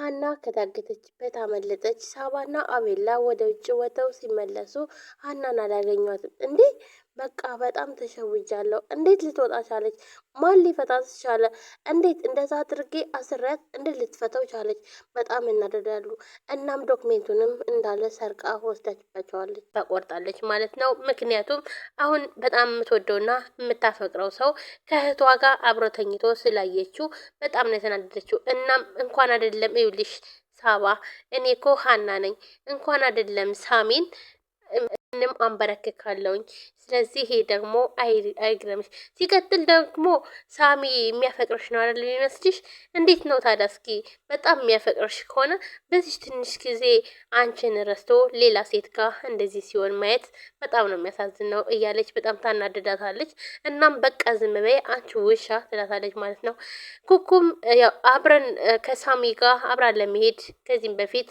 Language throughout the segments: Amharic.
ሀና ከታገተችበት አመለጠች። ሳባና አቤላ ወደ ውጭ ወጥተው ሲመለሱ ሀናን አላገኟትም። እንዴ በቃ በጣም ተሸውጃለሁ። እንዴት ልትወጣ ቻለች? ማን ሊፈታት ቻለ? እንዴት እንደዛ አድርጌ አስሪያት እንዴት ልትፈተው ቻለች? በጣም እናደዳሉ። እናም ዶክሜንቱንም እንዳለ ሰርቃ ወስዳችባቸዋለች፣ ታቆርጣለች ማለት ነው። ምክንያቱም አሁን በጣም የምትወደውና የምታፈቅረው ሰው ከእህቷ ጋር አብሮ ተኝቶ ስላየችው በጣም ነው የተናደደችው። እናም እንኳን አይደለም ይኸውልሽ ሳባ እኔ እኮ ሀና ነኝ እንኳን አይደለም ሳሚን ምንም አንበረክካለውኝ። ስለዚህ ይሄ ደግሞ አይግረምሽ። ሲቀጥል ደግሞ ሳሚ የሚያፈቅርሽ ነው አይደል የሚመስልሽ? እንዴት ነው ታዲያ? እስኪ በጣም የሚያፈቅርሽ ከሆነ በዚህ ትንሽ ጊዜ አንቺን ረስቶ ሌላ ሴት ጋር እንደዚህ ሲሆን ማየት በጣም ነው የሚያሳዝነው እያለች በጣም ታናድዳታለች። እናም በቃ ዝም በይ አንቺ ውሻ ትላታለች ማለት ነው። ኩኩም ያው አብረን ከሳሚ ጋር አብራን ለመሄድ ከዚህም በፊት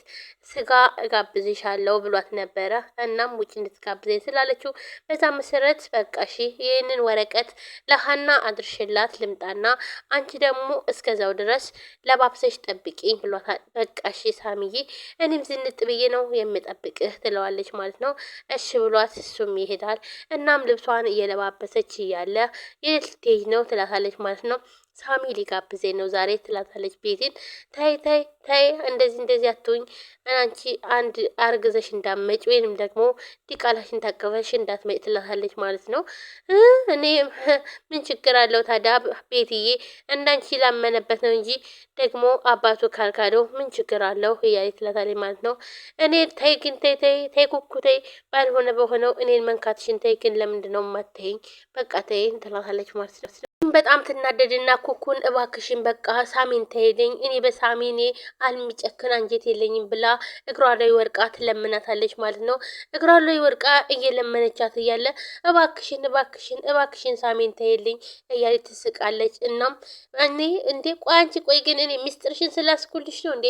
ስጋ እጋብዝሻለሁ ብሏት ነበረ። እናም ውጭ እንድትጋብዘኝ ስላለችው በዛ መሰረት በቃ ሺ ይህንን ወረቀት ለሀና አድርሽላት ልምጣና አንቺ ደግሞ እስከዛው ድረስ ለባብሰሽ ጠብቂኝ ብሏታል። በቃ ሺ ሳሚዬ እኔም ዝንጥ ብዬ ነው የምጠብቅህ ትለዋለች ማለት ነው። እሺ ብሏት እሱም ይሄዳል። እናም ልብሷን እየለባበሰች እያለ የት ነው ትላታለች ማለት ነው። ሳሚ ሊጋብዘኝ ነው ዛሬ ትላታለች። ቤቴን ታይ ታይ ታይ እንደዚህ እንደዚህ አትሁኝ፣ አንቺ አንድ አርግዘሽ እንዳመጭ ወይንም ደግሞ ዲቃላሽን ታቀበሽ እንዳትመጭ ትላታለች ማለት ነው። እኔ ምን ችግር አለው ታዲያ ቤትዬ፣ እንዳንቺ ላመነበት ነው እንጂ ደግሞ አባቱ ካልካደው ምን ችግር አለው እያለ ትላታለች ማለት ነው። እኔ ታይ ግን ታይ ታይ ታይ ኩኩ ታይ፣ ባልሆነ በሆነው እኔን መንካትሽን ታይ ግን፣ ለምንድነው ማትይኝ? በቃ ታይ ትላታለች ማለት ነው። በጣም ትናደድና ኩኩን እባክሽን በቃ ሳሚን ተሄደኝ እኔ በሳሚኔ አልሚጨክን አንጀት የለኝም ብላ እግሯ ላይ ወርቃ ትለምናታለች ማለት ነው። እግሯ ላይ ወርቃ እየለመነቻት እያለ እባክሽን እባክሽን እባክሽን ሳሚን ተሄልኝ እያለች ትስቃለች። እናም እኔ እንዴ ቆይ አንቺ ቆይ ግን እኔ ሚስጥርሽን ስላስኩልሽ ነው እንዴ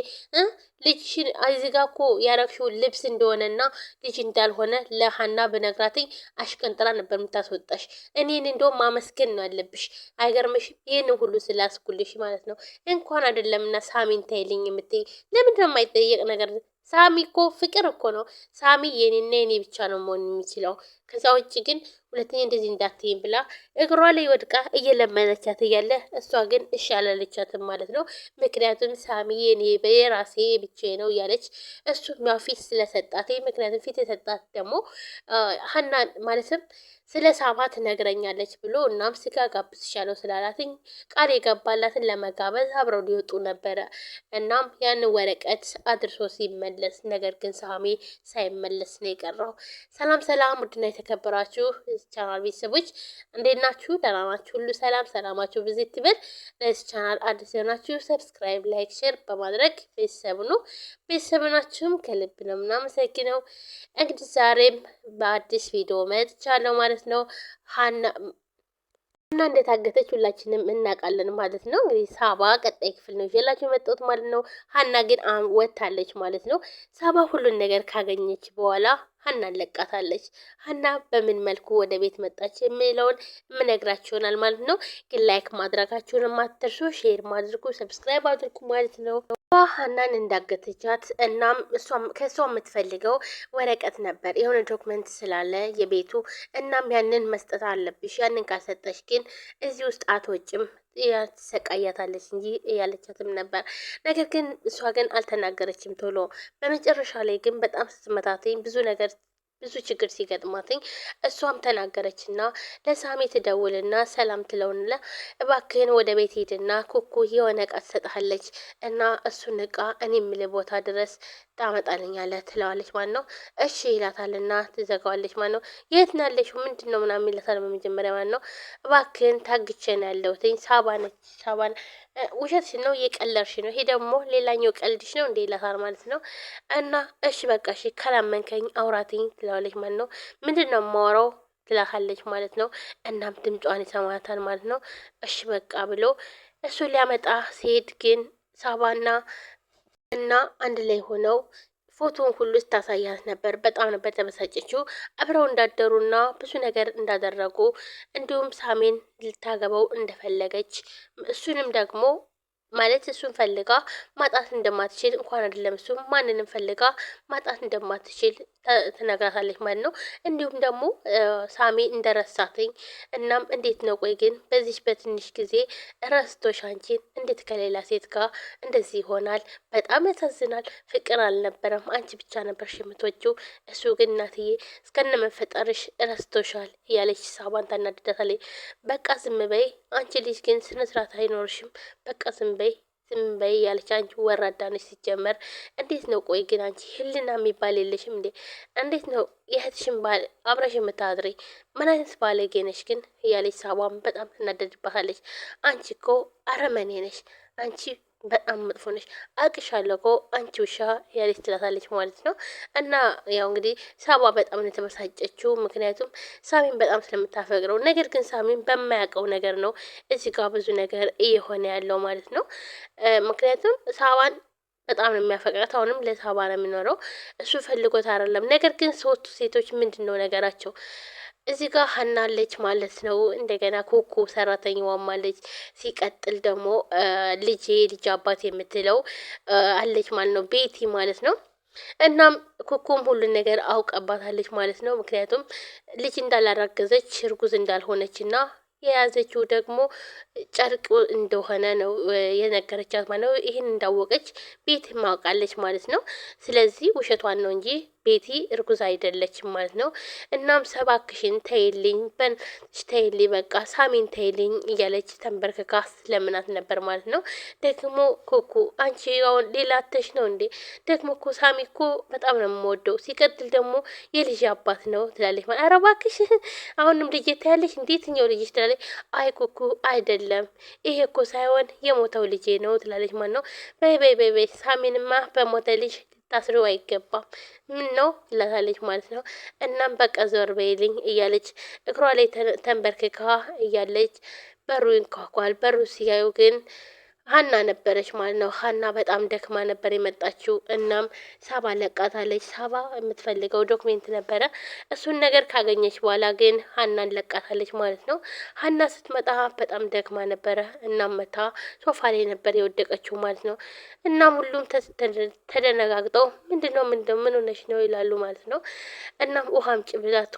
ልጅሽን እዚህ ጋ እኮ ያረግሽው ልብስ እንደሆነና ልጅ እንዳልሆነ ለሀና ብነግራትኝ አሽቀንጥራ ነበር የምታስወጣሽ። እኔን እንደውም ማመስገን ነው ያለብሽ። አይገርምሽ? ይህን ሁሉ ስላስኩልሽ ማለት ነው። እንኳን አይደለምና ሳሚን ታይልኝ የምትይ ለምንድነው የማይጠየቅ ነገር ሳሚ እኮ ፍቅር እኮ ነው። ሳሚ የኔና የኔ ብቻ ነው መሆን የሚችለው። ከዛ ውጭ ግን ሁለተኛ እንደዚህ እንዳትይም ብላ እግሯ ላይ ወድቃ እየለመነቻት እያለ እሷ ግን እሺ አላለቻትም ማለት ነው። ምክንያቱም ሳሚ የኔ በራሴ ብቻ ነው እያለች እሱ ያው ፊት ስለሰጣት፣ ምክንያቱም ፊት የሰጣት ደግሞ ሀና ማለትም ስለ ሳማ ትነግረኛለች ብሎ እናም ስጋ ጋብዝሻለሁ ስላላትኝ ቃል የገባላትን ለመጋበዝ አብረው ሊወጡ ነበረ። እናም ያንን ወረቀት አድርሶ ሲመለ መለስ። ነገር ግን ሳሚ ሳይመለስ ነው የቀረው። ሰላም ሰላም! ውድና የተከበራችሁ ቻናል ቤተሰቦች እንዴት ናችሁ? ደህና ናችሁ? ሁሉ ሰላም ሰላማችሁ ብዙ ይበል። ለዚህ ቻናል አዲስ የሆናችሁ ሰብስክራይብ፣ ላይክ፣ ሼር በማድረግ ቤተሰብ ነው ቤተሰብ ናችሁም ከልብ ነው የምናመሰግነው። እንግዲህ ዛሬም በአዲስ ቪዲዮ መጥቻለሁ ማለት ነው ሀና እና እንደታገተች ሁላችንም እናውቃለን ማለት ነው። እንግዲህ ሳባ ቀጣይ ክፍል ነው ይዤላችሁ የመጣሁት ማለት ነው። ሀና ግን ወታለች ማለት ነው። ሳባ ሁሉን ነገር ካገኘች በኋላ ሀና ለቃታለች። ሀና በምን መልኩ ወደ ቤት መጣች የሚለውን የምነግራችሁ ማለት ነው። ግን ላይክ ማድረጋችሁን አትርሱ፣ ሼር ማድርጉ፣ ሰብስክራይብ አድርጉ ማለት ነው። ሀናን እንዳገተቻት እናም ከእሷ የምትፈልገው ወረቀት ነበር የሆነ ዶክመንት ስላለ የቤቱ እናም ያንን መስጠት አለብሽ ያንን ካልሰጠሽ ግን እዚህ ውስጥ አትወጭም ትሰቃያታለች እንጂ እያለቻትም ነበር። ነገር ግን እሷ ግን አልተናገረችም ቶሎ። በመጨረሻ ላይ ግን በጣም ስትመታተኝ ብዙ ነገር ብዙ ችግር ሲገጥማትኝ እሷም ተናገረች እና ለሳሚ ትደውልና ሰላም ትለውንለ እባክህን ወደ ቤት ሄድና ኩኩ የሆነ እቃ ትሰጥሃለች እና እሱን እቃ እኔ የምልህ ቦታ ድረስ ታመጣልኛለህ ትለዋለች ማለት ነው። እሺ ይላታልና ትዘጋዋለች ማለት ነው። የት ነው ያለሽው? ምንድን ነው ምናምን ይላታል በመጀመሪያ ማለት ነው። እባክህን ታግቼ ነው ያለሁትኝ ሳባ ነች ሳባን ውሸትሽ ነው፣ እየቀለድሽ ነው፣ ይሄ ደግሞ ሌላኛው ቀልድሽ ነው እንደ ይላታል ማለት ነው። እና እሺ በቃ እሺ ከላመንከኝ አውራትኝ ትለዋለች ማለት ነው። ምንድን ነው የማወራው ትላካለች ማለት ነው። እናም ድምጿን ይሰማታል ማለት ነው። እሺ በቃ ብሎ እሱ ሊያመጣ ሲሄድ ግን ሳባና እና አንድ ላይ ሆነው ፎቶን ሁሉ ስታሳያት ነበር። በጣም ነበር ተበሳጨችው። አብረው እንዳደሩና ብዙ ነገር እንዳደረጉ እንዲሁም ሳሜን ልታገባው እንደፈለገች እሱንም ደግሞ ማለት እሱን ፈልጋ ማጣት እንደማትችል እንኳን አይደለም እሱም ማንንም ፈልጋ ማጣት እንደማትችል ትነግራታለች ማለት ነው። እንዲሁም ደግሞ ሳሚ እንደረሳትኝ እናም እንዴት ነው ቆይ ግን በዚህ በትንሽ ጊዜ ረስቶሽ አንቺን እንዴት ከሌላ ሴት ጋር እንደዚህ ይሆናል? በጣም ያሳዝናል። ፍቅር አልነበረም፣ አንቺ ብቻ ነበርሽ የምትወጪው። እሱ ግን እናትዬ እስከነ መፈጠርሽ ረስቶሻል እያለች ሳባን ታናድዳታለች። በቃ ዝም በይ አንቺ ልጅ ግን ስነስርዓት አይኖርሽም። በቃ ዝም በይ ዝም በይ ያለች አንቺ ወራዳ ነች። ሲጀመር እንዴት ነው? ቆይ ግን አንቺ ህልና የሚባል የለሽም እንዴ? እንዴት ነው የእህትሽን ባል አብረሽ የምታድሪ? ምን አይነት ባለጌ ነሽ ግን እያለች ሳቧም በጣም ትናደድባታለች። አንቺ እኮ አረመኔ ነሽ አንቺ በጣም መጥፎ ነሽ፣ አውቅሻለሁ እኮ አንቺ ውሻ ያለች ትላታለች ማለት ነው። እና ያው እንግዲህ ሳባ በጣም ነው የተበሳጨችው፣ ምክንያቱም ሳሚን በጣም ስለምታፈቅረው። ነገር ግን ሳሚን በማያውቀው ነገር ነው እዚህ ጋር ብዙ ነገር እየሆነ ያለው ማለት ነው። ምክንያቱም ሳባን በጣም ነው የሚያፈቅራት። አሁንም ለሳባ ነው የሚኖረው እሱ ፈልጎት አይደለም። ነገር ግን ሶስቱ ሴቶች ምንድን ነው ነገራቸው? እዚህ ጋር ሀናለች ማለት ነው። እንደገና ኮኮ ሰራተኛዋም ማለች። ሲቀጥል ደግሞ ልጄ ልጅ አባት የምትለው አለች ማለት ነው፣ ቤቲ ማለት ነው። እናም ኮኮም ሁሉን ነገር አውቀባታለች ማለት ነው። ምክንያቱም ልጅ እንዳላራገዘች እርጉዝ እንዳልሆነች እና የያዘችው ደግሞ ጨርቅ እንደሆነ ነው የነገረቻት ማለት ነው። ይህን እንዳወቀች ቤት ማውቃለች ማለት ነው። ስለዚህ ውሸቷን ነው እንጂ ቤቲ እርጉዝ አይደለችም ማለት ነው። እናም ሰባክሽን ተይልኝ በንሽ ተይልኝ፣ በቃ ሳሚን ተይልኝ እያለች ተንበርክካ ስለምናት ነበር ማለት ነው። ደግሞ ኮኩ አንቺ አሁን ሌላ ተሽ ነው እንዴ? ደግሞ እኮ ሳሚ እኮ በጣም ነው የምወደው፣ ሲቀጥል ደግሞ የልጅ አባት ነው ትላለች ማለት ኧረ እባክሽ አሁንም ልጅ ታያለች እንዴት ኛው ልጅሽ ትላለች። አይ ኮኩ አይደለም ይሄ እኮ ሳይሆን የሞተው ልጄ ነው ትላለች ማለት ነው። በይ በይ በይ ሳሚንማ በሞተ ልጅ ታስሪው አይገባም ምን ነው ይላታለች ማለት ነው። እናም በቃ ዘወር በይልኝ እያለች እግሯ ላይ ተንበርክካ እያለች በሩ ይንኳኳል። በሩ ሲያዩ ግን ሀና ነበረች ማለት ነው። ሀና በጣም ደክማ ነበር የመጣችው። እናም ሳባ ለቃታለች። ሳባ የምትፈልገው ዶክሜንት ነበረ። እሱን ነገር ካገኘች በኋላ ግን ሀናን ለቃታለች ማለት ነው። ሀና ስትመጣ በጣም ደክማ ነበረ። እናም መታ ሶፋ ላይ ነበር የወደቀችው ማለት ነው። እናም ሁሉም ተደነጋግጠው ምንድነው ምንድ ምን ሆነች ነው ይላሉ ማለት ነው። እናም ውሃም ጭብላት